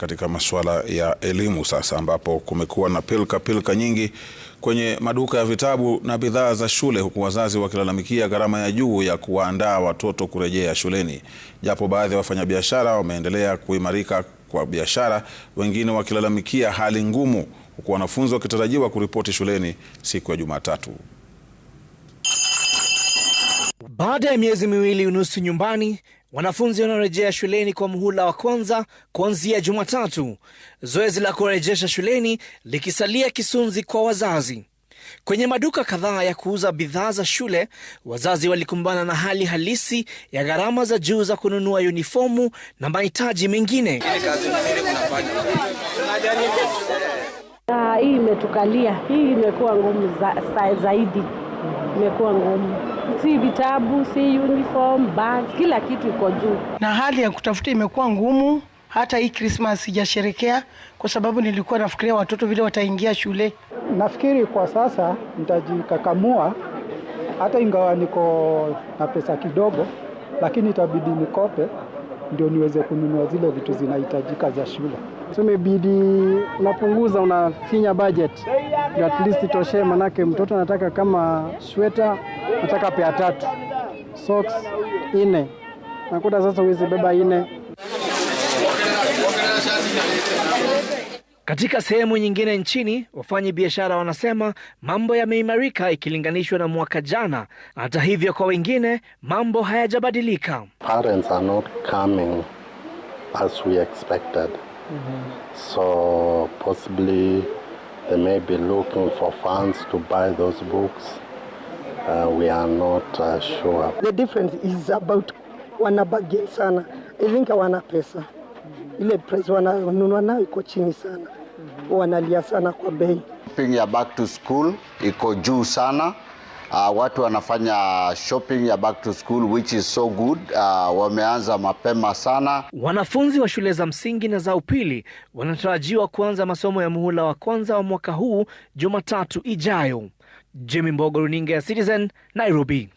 Katika masuala ya elimu sasa, ambapo kumekuwa na pilka pilka nyingi kwenye maduka ya vitabu na bidhaa za shule, huku wazazi wakilalamikia gharama ya juu ya kuwaandaa watoto kurejea shuleni. Japo baadhi ya wafanyabiashara wameendelea kuimarika kwa biashara, wengine wakilalamikia hali ngumu, huku wanafunzi wakitarajiwa kuripoti shuleni siku ya Jumatatu. Baada ya miezi miwili unusu nyumbani Wanafunzi wanaorejea shuleni kwa muhula wa kwanza kuanzia Jumatatu, zoezi la kurejesha shuleni likisalia kisunzi kwa wazazi. Kwenye maduka kadhaa ya kuuza bidhaa za shule, wazazi walikumbana na hali halisi ya gharama za juu za kununua yunifomu na mahitaji mengine. Hii imetukalia, hii imekuwa ngumu zaidi za imekuwa ngumu, si vitabu, si uniform, bag, kila kitu iko juu, na hali ya kutafuta imekuwa ngumu. Hata hii Christmas sijasherekea kwa sababu nilikuwa nafikiria watoto vile wataingia shule. Nafikiri kwa sasa nitajikakamua, hata ingawa niko na pesa kidogo, lakini itabidi nikope ndio niweze kununua zile vitu zinahitajika za shule tuseme bidi unapunguza, unafinya budget at least itoshee, manake mtoto anataka kama sweta, nataka pea tatu, socks ine, nakuta sasa huwezi beba ine. Katika sehemu nyingine nchini, wafanya biashara wanasema mambo yameimarika ikilinganishwa na mwaka jana. Hata hivyo, kwa wengine mambo hayajabadilika. Parents are not coming as we expected. So possibly they may be looking for funds to buy those books. Uh, we are not uh, sure. The difference is about wana budget sana. I think hawana pesa. Ile price wananunua nayo iko chini sana. Mhm. Wanalia sana kwa bei. Ping ya back to school iko juu sana. Uh, watu wanafanya shopping ya back to school which is so good. Uh, wameanza mapema sana. Wanafunzi wa shule za msingi na za upili wanatarajiwa kuanza masomo ya muhula wa kwanza wa mwaka huu Jumatatu ijayo. Jimmy Mbogo, runinga ya Citizen, Nairobi.